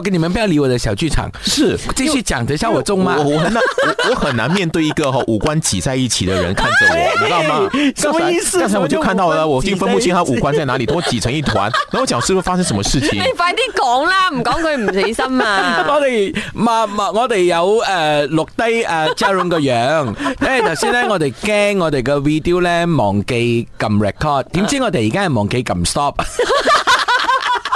我跟你們不要理我的小劇場，是繼續講得像我中嗎？我很難 我，我很難面對一個五官擠在一起的人看着我， 你知道嗎？什麼意思？剛才我就看到了，我已經分不清他五官在， 在哪裏，都擠成一團。然後我講，是不是發生什麼事情？你快啲講啦，唔講佢唔死心啊！我哋嘛嘛，我哋有誒、呃、錄低誒 Jerron 嘅樣。誒頭先咧，我哋驚我哋嘅 video 咧忘記撳 record，點 知我哋而家係忘記撳 stop。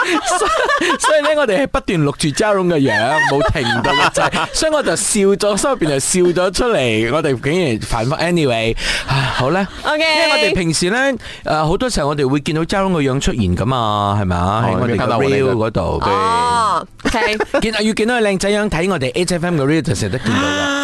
所以咧，我哋係不斷錄住 Joey 嘅樣，冇停到。啦，就所以我就笑咗，心入邊就笑咗出嚟。我哋竟然反覆 Anyway，好咧，OK。因為我哋平時咧，誒好多時候我哋會見到 Joey 嘅樣出現噶嘛，係咪啊？喺我哋嘅 Real 嗰度。哦 OK 見要見到佢靚仔樣，睇我哋 HFM 嘅 Real 就成日都見到㗎。